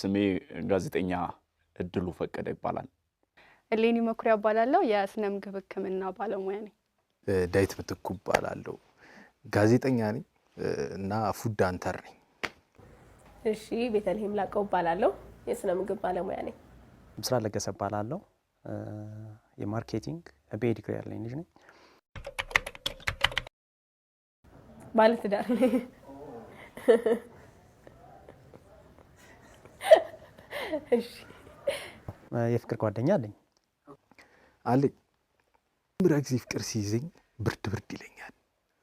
ስሜ ጋዜጠኛ እድሉ ፈቀደ ይባላል። እሌኒ መኩሪያ እባላለሁ። የስነ ምግብ ሕክምና ባለሙያ ነኝ። ዳዊት ምትኩ እባላለሁ። ጋዜጠኛ ነኝ እና ፉድ አንተር ነኝ። እሺ፣ ቤተልሔም ላቀው እባላለሁ። የስነ ምግብ ባለሙያ ነኝ። ምስራ ለገሰ እባላለሁ። የማርኬቲንግ በዲግሪ ያለኝ ልጅ ነኝ። ባለትዳር ነኝ። የፍቅር ጓደኛ አለኝ አለኝ። ምራ ጊዜ ፍቅር ሲይዘኝ ብርድ ብርድ ይለኛል፣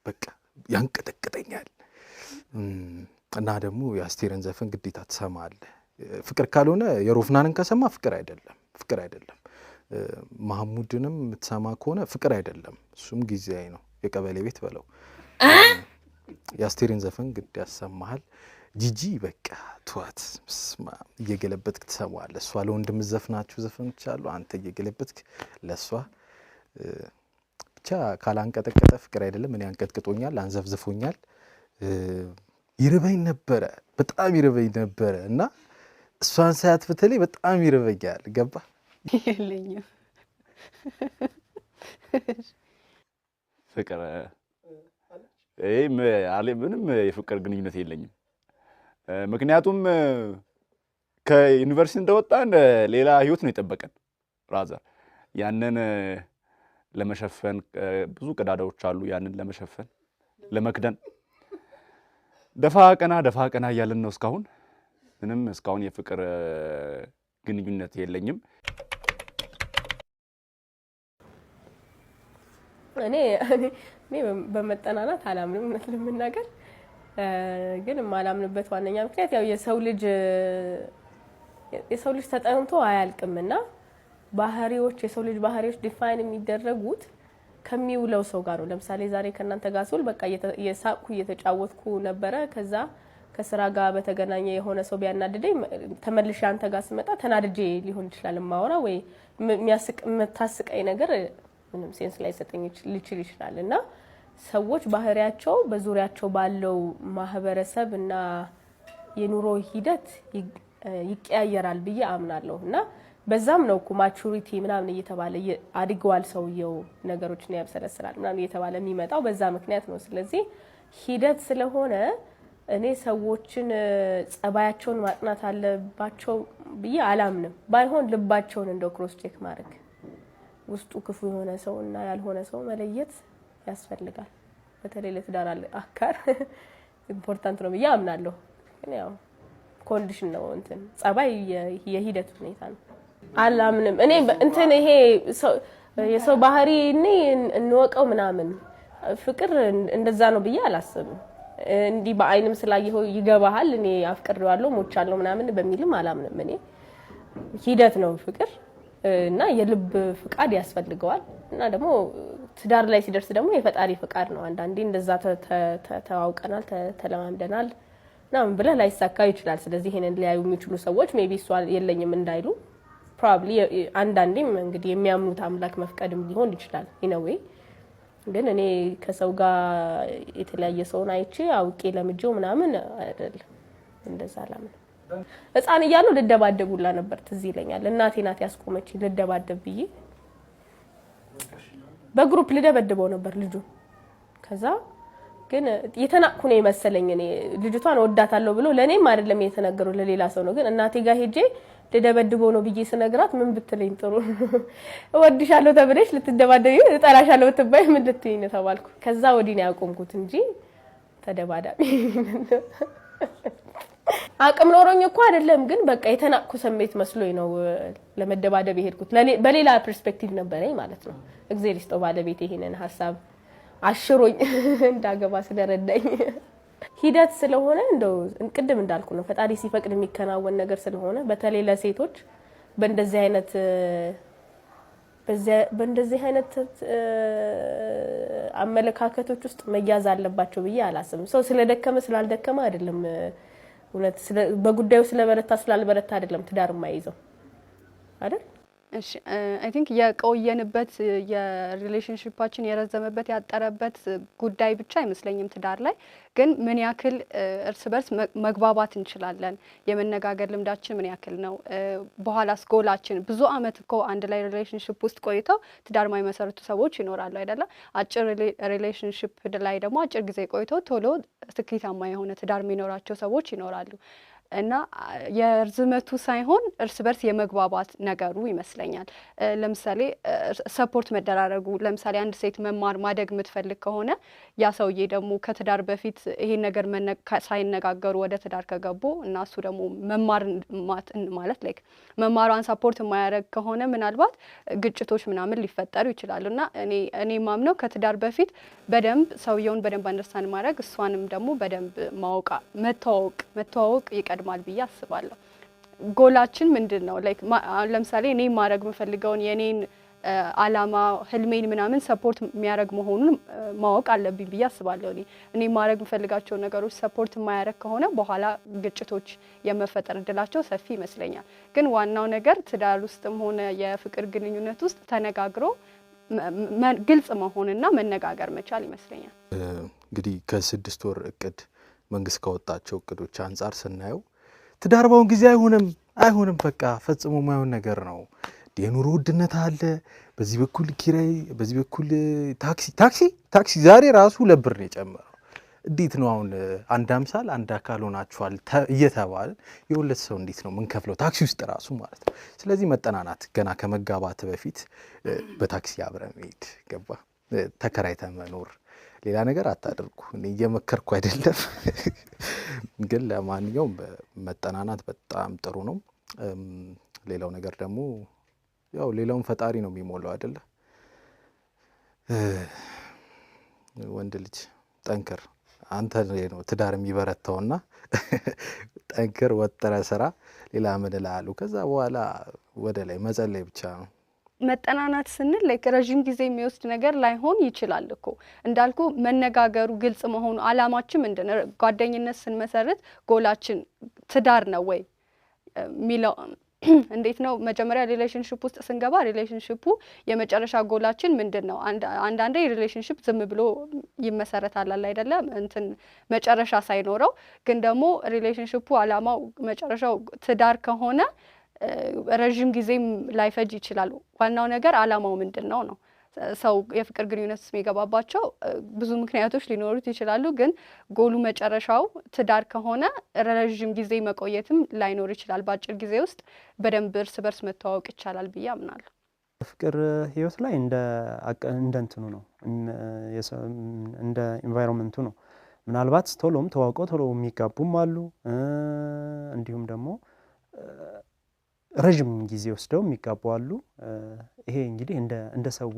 በቃ ያንቀጠቅጠኛል። እና ደግሞ የአስቴርን ዘፈን ግዴታ ትሰማለህ። ፍቅር ካልሆነ የሮፍናንን ከሰማ ፍቅር አይደለም፣ ፍቅር አይደለም። ማህሙድንም የምትሰማ ከሆነ ፍቅር አይደለም፣ እሱም ጊዜያዊ ነው። የቀበሌ ቤት በለው። የአስቴርን ዘፈን ግድ ያሰማሃል። ጂጂ በቃ ትዋት ስማ እየገለበትክ ትሰማዋለህ። እሷ ለወንድም ዘፍናችሁ ዘፈኖች አሉ። አንተ እየገለበትክ ለእሷ ብቻ ካላንቀጠቀጠ ፍቅር አይደለም። እኔ አንቀጥቅጦኛል፣ አንዘፍዝፎኛል። ይርበኝ ነበረ፣ በጣም ይርበኝ ነበረ እና እሷን ሳያት በተለይ በጣም ይርበኛል። ገባ የለኝም ፍቅር ምንም የፍቅር ግንኙነት የለኝም ምክንያቱም ከዩኒቨርሲቲ እንደወጣን ሌላ ህይወት ነው የጠበቀን። ራዘር ያንን ለመሸፈን ብዙ ቀዳዳዎች አሉ። ያንን ለመሸፈን ለመክደን ደፋ ቀና ደፋ ቀና እያለን ነው እስካሁን። ምንም እስካሁን የፍቅር ግንኙነት የለኝም። እኔ በመጠናናት አላምንም እውነት ግን የማላምንበት ዋነኛ ምክንያት ያው የሰው ልጅ የሰው ልጅ ተጠንቶ አያልቅምና ባህሪዎች የሰው ልጅ ባህሪዎች ዲፋይን የሚደረጉት ከሚውለው ሰው ጋር ነው። ለምሳሌ ዛሬ ከእናንተ ጋር ስውል በቃ የሳቅኩ እየተጫወትኩ ነበረ። ከዛ ከስራ ጋር በተገናኘ የሆነ ሰው ቢያናድደኝ ተመልሼ አንተ ጋር ስመጣ ተናድጄ ሊሆን ይችላል ማወራ ወይ የምታስቀኝ ነገር ምንም ሴንስ ላይ ሰጠኝ ሊችል ይችላል እና ሰዎች ባህሪያቸው በዙሪያቸው ባለው ማህበረሰብ እና የኑሮ ሂደት ይቀያየራል ብዬ አምናለሁ እና በዛም ነው እኮ ማቹሪቲ ምናምን እየተባለ አድገዋል ሰውየው ነገሮችን ያብሰለስላል ምናምን እየተባለ የሚመጣው በዛ ምክንያት ነው። ስለዚህ ሂደት ስለሆነ እኔ ሰዎችን ጸባያቸውን ማጥናት አለባቸው ብዬ አላምንም። ባይሆን ልባቸውን እንደ ክሮስ ቼክ ማድረግ ውስጡ ክፉ የሆነ ሰው እና ያልሆነ ሰው መለየት ያስፈልጋል። በተለይ ለትዳር አካር ኢምፖርታንት ነው ብዬ አምናለሁ። ግን ያው ኮንዲሽን ነው እንትን ጸባይ የሂደት ሁኔታ ነው። አላምንም እኔ እንትን ይሄ የሰው ባህሪ እኔ እንወቀው ምናምን ፍቅር እንደዛ ነው ብዬ አላስብም። እንዲህ በአይንም ስላየኸው ይገባሃል እኔ አፍቅሬዋለሁ ሞቻለሁ ምናምን በሚልም አላምንም። እኔ ሂደት ነው ፍቅር እና የልብ ፍቃድ ያስፈልገዋል እና ደግሞ ትዳር ላይ ሲደርስ ደግሞ የፈጣሪ ፈቃድ ነው። አንዳንዴ እንደዛ ተዋውቀናል፣ ተለማምደናል ምናምን ብለህ ላይሳካ ይችላል። ስለዚህ ይሄንን ሊያዩ የሚችሉ ሰዎች ቢ እሷ የለኝም እንዳይሉ ፕሮባብሊ አንዳንዴም እንግዲህ የሚያምኑት አምላክ መፍቀድም ሊሆን ይችላል ኢነዌ ግን እኔ ከሰው ጋር የተለያየ ሰውን አይቼ አውቄ ለምጄው ምናምን አይደለም። እንደዛ ላምን ህፃን እያሉ ልደባደቡላ ነበር ትዝ ይለኛል። እናቴ ናት ያስቆመችኝ ልደባደብ ብዬ በግሩፕ ልደበድበው ነበር ልጁ። ከዛ ግን የተናቅኩ ነው የመሰለኝ እኔ ልጅቷን ወዳታለሁ ብሎ ለእኔም አይደለም የተናገረው ለሌላ ሰው ነው። ግን እናቴ ጋር ሄጄ ልደበድበው ነው ብዬ ስነግራት ምን ብትለኝ ጥሩ እወድሻለሁ ተብለሽ ልትደባደቢ እጠላሻለሁ ብትባይ ምን ልትይኝ ተባልኩ። ከዛ ወዲህ ነው ያቆምኩት እንጂ ተደባዳቢ አቅም ኖሮኝ እኮ አይደለም፣ ግን በቃ የተናቅኩ ስሜት መስሎኝ ነው ለመደባደብ የሄድኩት። በሌላ ፐርስፔክቲቭ ነበረኝ ማለት ነው። እግዜር ይስጠው ባለቤት ይሄንን ሀሳብ አሽሮኝ እንዳገባ ስለረዳኝ። ሂደት ስለሆነ እንደው ቅድም እንዳልኩ ነው ፈጣሪ ሲፈቅድ የሚከናወን ነገር ስለሆነ በተለይ ለሴቶች በእንደዚህ አይነት በእንደዚህ አይነት አመለካከቶች ውስጥ መያዝ አለባቸው ብዬ አላስብም። ሰው ስለደከመ ስላልደከመ አይደለም እውነት በጉዳዩ ስለበረታ ስላልበረታ አይደለም ትዳር የማይይዘው አይደል? አይ ቲንክ የቆየንበት የሪሌሽንሽፓችን የረዘመበት ያጠረበት ጉዳይ ብቻ አይመስለኝም። ትዳር ላይ ግን ምን ያክል እርስ በርስ መግባባት እንችላለን፣ የመነጋገር ልምዳችን ምን ያክል ነው፣ በኋላስ ጎላችን። ብዙ አመት እኮ አንድ ላይ ሪሌሽንሽፕ ውስጥ ቆይተው ትዳር የማይመሰርቱ ሰዎች ይኖራሉ አይደለም። አጭር ሪሌሽንሽፕ ላይ ደግሞ አጭር ጊዜ ቆይተው ቶሎ ስኬታማ የሆነ ትዳር የሚኖራቸው ሰዎች ይኖራሉ። እና የርዝመቱ ሳይሆን እርስ በርስ የመግባባት ነገሩ ይመስለኛል። ለምሳሌ ሰፖርት መደራረጉ፣ ለምሳሌ አንድ ሴት መማር ማደግ የምትፈልግ ከሆነ ያ ሰውዬ ደግሞ ከትዳር በፊት ይሄን ነገር ሳይነጋገሩ ወደ ትዳር ከገቡ እና እሱ ደግሞ መማር ማለት ላይክ መማሯን ሰፖርት የማያደርግ ከሆነ ምናልባት ግጭቶች ምናምን ሊፈጠሩ ይችላሉ። እና እኔ ማምነው ከትዳር በፊት በደንብ ሰውየውን በደንብ አንደርስታንድ ማድረግ እሷንም ደግሞ በደንብ ማወቃ መተዋወቅ መተዋወቅ ይቀድ ይቀድማል ብዬ አስባለሁ። ጎላችን ምንድን ነው? ለምሳሌ እኔ ማድረግ የምፈልገውን የእኔን አላማ ህልሜን ምናምን ሰፖርት የሚያደረግ መሆኑን ማወቅ አለብኝ ብዬ አስባለሁ። እኔ እኔ ማድረግ የምፈልጋቸው ነገሮች ሰፖርት የማያደረግ ከሆነ በኋላ ግጭቶች የመፈጠር እድላቸው ሰፊ ይመስለኛል። ግን ዋናው ነገር ትዳር ውስጥም ሆነ የፍቅር ግንኙነት ውስጥ ተነጋግሮ ግልጽ መሆንና መነጋገር መቻል ይመስለኛል። እንግዲህ ከስድስት ወር እቅድ መንግስት ካወጣቸው እቅዶች አንጻር ስናየው ትዳርባውን ጊዜ አይሆንም አይሆንም፣ በቃ ፈጽሞ የማይሆን ነገር ነው። የኑሮ ውድነት አለ። በዚህ በኩል ኪራይ፣ በዚህ በኩል ታክሲ ታክሲ ታክሲ ዛሬ ራሱ ለብር ነው የጨመረው። እንዴት ነው አሁን አንድ አምሳል አንድ አካል ሆናችኋል እየተባለ የሁለት ሰው እንዴት ነው ምንከፍለው ታክሲ ውስጥ ራሱ ማለት ነው። ስለዚህ መጠናናት ገና ከመጋባት በፊት በታክሲ አብረ መሄድ ገባ፣ ተከራይተ መኖር ሌላ ነገር አታደርጉ። እየመከርኩ አይደለም፣ ግን ለማንኛውም መጠናናት በጣም ጥሩ ነው። ሌላው ነገር ደግሞ ያው ሌላውን ፈጣሪ ነው የሚሞላው አይደለ? ወንድ ልጅ ጠንክር፣ አንተ ነው ትዳር የሚበረታውና ጠንክር፣ ወጥረ ስራ። ሌላ ምን እልሃለሁ? ከዛ በኋላ ወደ ላይ መጸለይ ብቻ ነው። መጠናናት ስንል ላይክ ረዥም ጊዜ የሚወስድ ነገር ላይሆን ይችላል እኮ እንዳልኩ፣ መነጋገሩ ግልጽ መሆኑ አላማችን ምንድን ጓደኝነት ስንመሰርት ጎላችን ትዳር ነው ወይ ሚለው እንዴት ነው መጀመሪያ ሪሌሽንሽፕ ውስጥ ስንገባ ሪሌሽንሽፑ የመጨረሻ ጎላችን ምንድን ነው? አንዳንዴ ሪሌሽንሽፕ ዝም ብሎ ይመሰረታል አይደለም እንትን መጨረሻ ሳይኖረው። ግን ደግሞ ሪሌሽንሽፑ አላማው መጨረሻው ትዳር ከሆነ ረዥም ጊዜም ላይፈጅ ይችላል። ዋናው ነገር አላማው ምንድን ነው ነው። ሰው የፍቅር ግንኙነት ውስጥ የሚገባባቸው ብዙ ምክንያቶች ሊኖሩት ይችላሉ። ግን ጎሉ መጨረሻው ትዳር ከሆነ ረዥም ጊዜ መቆየትም ላይኖር ይችላል። በአጭር ጊዜ ውስጥ በደንብ እርስ በርስ መተዋወቅ ይቻላል ብዬ አምናለሁ። ፍቅር ህይወት ላይ እንደ እንትኑ ነው እንደ ኢንቫይሮንመንቱ ነው። ምናልባት ቶሎም ተዋውቀው ቶሎ የሚጋቡም አሉ እንዲሁም ደግሞ ረዥም ጊዜ ወስደው የሚጋቡ አሉ። ይሄ እንግዲህ እንደ ሰው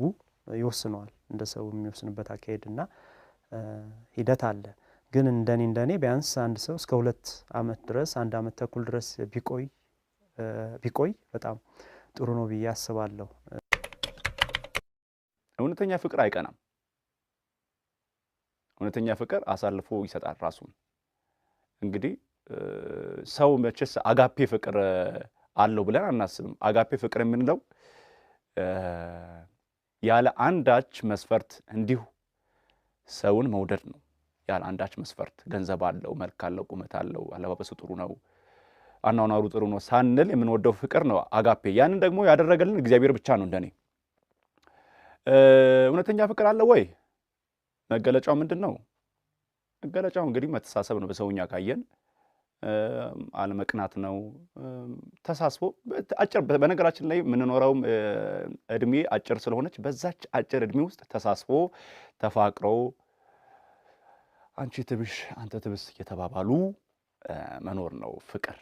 ይወስነዋል። እንደ ሰው የሚወስንበት አካሄድና ሂደት አለ። ግን እንደኔ እንደኔ ቢያንስ አንድ ሰው እስከ ሁለት አመት ድረስ አንድ አመት ተኩል ድረስ ቢቆይ ቢቆይ በጣም ጥሩ ነው ብዬ አስባለሁ። እውነተኛ ፍቅር አይቀናም። እውነተኛ ፍቅር አሳልፎ ይሰጣል ራሱን። እንግዲህ ሰው መቼስ አጋፔ ፍቅር አለው ብለን አናስብም። አጋፔ ፍቅር የምንለው ያለ አንዳች መስፈርት እንዲሁ ሰውን መውደድ ነው። ያለ አንዳች መስፈርት ገንዘብ አለው፣ መልክ አለው፣ ቁመት አለው፣ አለባበሱ ጥሩ ነው፣ አኗኗሩ ጥሩ ነው ሳንል የምንወደው ፍቅር ነው አጋፔ። ያንን ደግሞ ያደረገልን እግዚአብሔር ብቻ ነው። እንደኔ እውነተኛ ፍቅር አለ ወይ? መገለጫው ምንድን ነው? መገለጫው እንግዲህ መተሳሰብ ነው። በሰውኛ ካየን አለመቅናት ነው። ተሳስቦ አጭር በነገራችን ላይ የምንኖረውም እድሜ አጭር ስለሆነች በዛች አጭር እድሜ ውስጥ ተሳስቦ ተፋቅሮ አንቺ ትብሽ አንተ ትብስ እየተባባሉ መኖር ነው ፍቅር።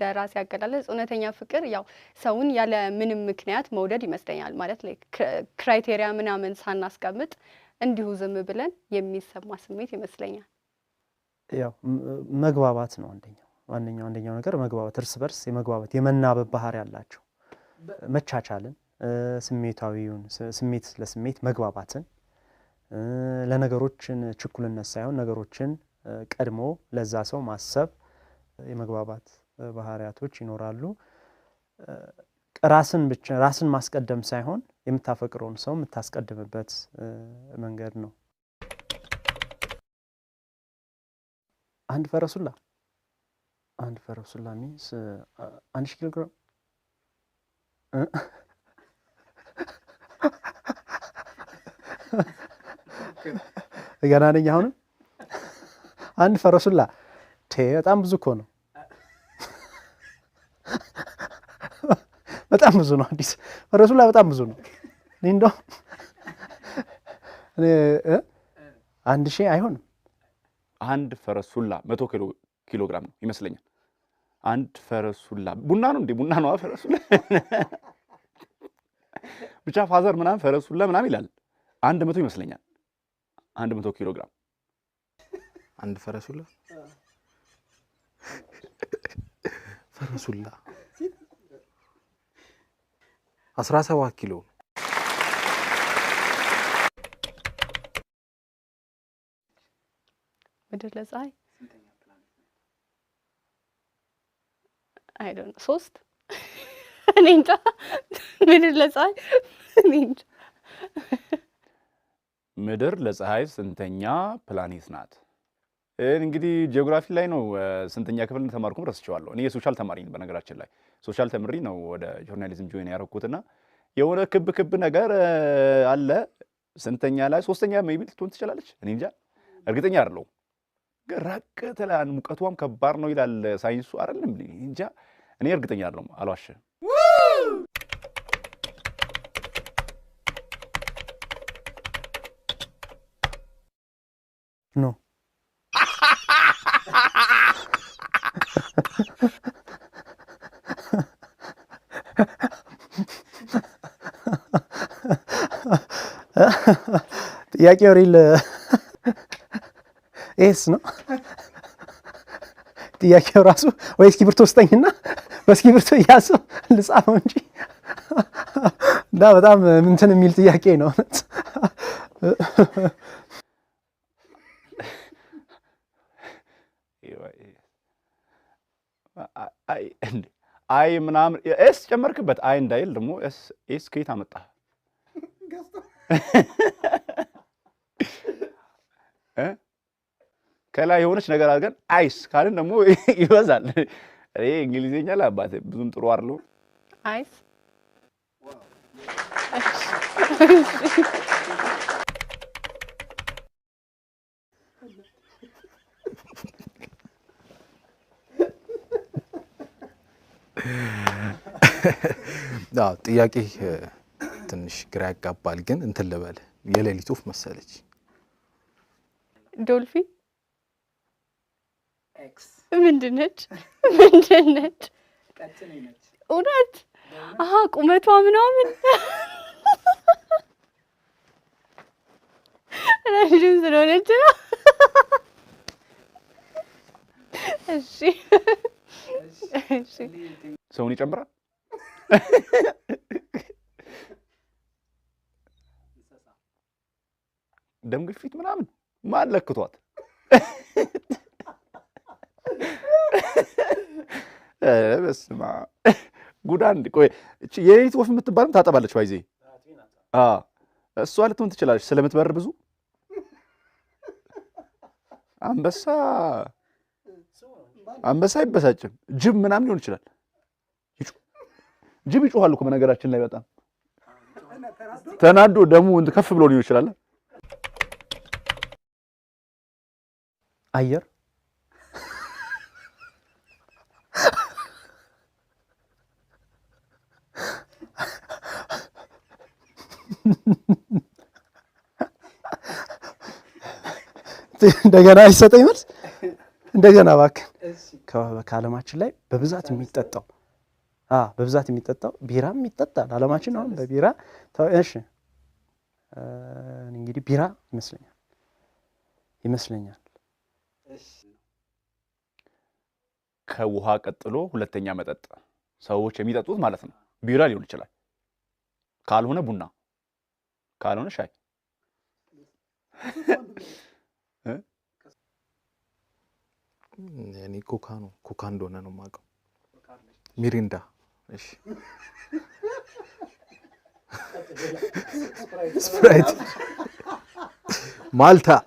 ደራሲ አገላለጽ እውነተኛ ፍቅር ያው ሰውን ያለ ምንም ምክንያት መውደድ ይመስለኛል። ማለት ክራይቴሪያ ምናምን ሳናስቀምጥ እንዲሁ ዝም ብለን የሚሰማ ስሜት ይመስለኛል። ያው መግባባት ነው አንደኛው ዋነኛው አንደኛው ነገር መግባባት፣ እርስ በርስ የመግባባት የመናበብ ባህሪ ያላቸው መቻቻልን፣ ስሜታዊውን ስሜት ለስሜት መግባባትን ለነገሮችን ችኩልነት ሳይሆን ነገሮችን ቀድሞ ለዛ ሰው ማሰብ የመግባባት ባህሪያቶች ይኖራሉ። ራስን ብቻ ራስን ማስቀደም ሳይሆን የምታፈቅረውን ሰው የምታስቀድምበት መንገድ ነው። አንድ ፈረሱላ አንድ ፈረሱላ ሚንስ አንድ ሺህ ኪሎ ግራም ገና ነኝ። አሁንም አንድ ፈረሱላ ቴ በጣም ብዙ እኮ ነው። በጣም ብዙ ነው። አዲስ ፈረሱላ በጣም ብዙ ነው። እኔ እንደውም አንድ ሺህ አይሆንም። አንድ ፈረሱላ መቶ ኪሎ ግራም ነው ይመስለኛል። አንድ ፈረሱላ ቡና ነው እንዴ? ቡና ነው ፈረሱላ። ብቻ ፋዘር ምናምን ፈረሱላ ምናምን ይላል። አንድ መቶ ይመስለኛል። አንድ መቶ ኪሎ ግራም አንድ ፈረሱላ ፈረሱላ አስራ ሰባት ኪሎ ምድር ለፀሐይ አይደነ ሶስት እኔ እንጃ። ምድር ለፀሐይ እኔ እንጃ። ምድር ለፀሐይ ስንተኛ ፕላኔት ናት? እንግዲህ ጂኦግራፊ ላይ ነው ስንተኛ ክፍል ተማርኩም ረስቸዋለሁ። እኔ የሶሻል ተማሪ ነኝ። በነገራችን ላይ ሶሻል ተምሪ ነው ወደ ጆርናሊዝም ጆይን ያደረኩትና የሆነ ክብ ክብ ነገር አለ ስንተኛ ላይ ሶስተኛ ሜይ ቢ ልትሆን ትችላለች። እኔ እንጃ እርግጠኛ አይደለሁም። ራቅ ትላን ሙቀቷም ከባድ ነው ይላል ሳይንሱ። አይደለም እንጃ እኔ እርግጠኛ አይደለም አልዋሸ ኖ ጥያቄው ሪል ኤስ ነው። ጥያቄው ራሱ ወይ እስክሪብቶ ስጠኝና በእስክሪብቶ እያዘው ልጻፈው እንጂ እና በጣም እንትን የሚል ጥያቄ ነው። አይ ምናምን ኤስ ጨመርክበት አይ እንዳይል ደግሞ ኤስ ከየት አመጣ? ከላይ የሆነች ነገር አድርገን አይስ ካልን ደግሞ ይበዛል። እኔ እንግሊዝኛ ለአባት ብዙም ጥሩ አይደለሁም። አይስ ጥያቄ ትንሽ ግራ ያጋባል፣ ግን እንትን ልበል የሌሊት ወፍ መሰለች ዶልፊን ምንድን ነች? ምንድን ነች? እውነት አሀ ቁመቷ ምናምን ረዥም ስለሆነች ነው። እሺ ሰውን ይጨምራል። ደም ግፊት ምናምን ማን ለክቷት? በስማ ጉድ አንድ ቆይ፣ የሌሊት ወፍ የምትባልም ታጠባለች። ባይዜ እሷ ልትሆን ትችላለች ስለምትበር ብዙ አንበሳ አንበሳ አይበሳጭም። ጅብ ምናምን ሊሆን ይችላል። ጅብ ይጮሃል እኮ በነገራችን ላይ በጣም ተናዶ ደሙ ከፍ ብሎ ሊሆን ይችላል አየር እንደገና አይሰጠኝ መልስ እንደገና እባክህ ከዓለማችን ላይ በብዛት የሚጠጣው በብዛት የሚጠጣው ቢራም ይጠጣል። ዓለማችን አሁን በቢራ እሺ፣ እንግዲህ ቢራ ይመስለኛል ይመስለኛል ከውሃ ቀጥሎ ሁለተኛ መጠጥ ሰዎች የሚጠጡት ማለት ነው። ቢራ ሊሆን ይችላል፣ ካልሆነ ቡና፣ ካልሆነ ሻይ እኔ ኮካ ነው ኮካ እንደሆነ ነው የማውቀው። ሚሪንዳ እሺ፣ ስፕራይት፣ ማልታ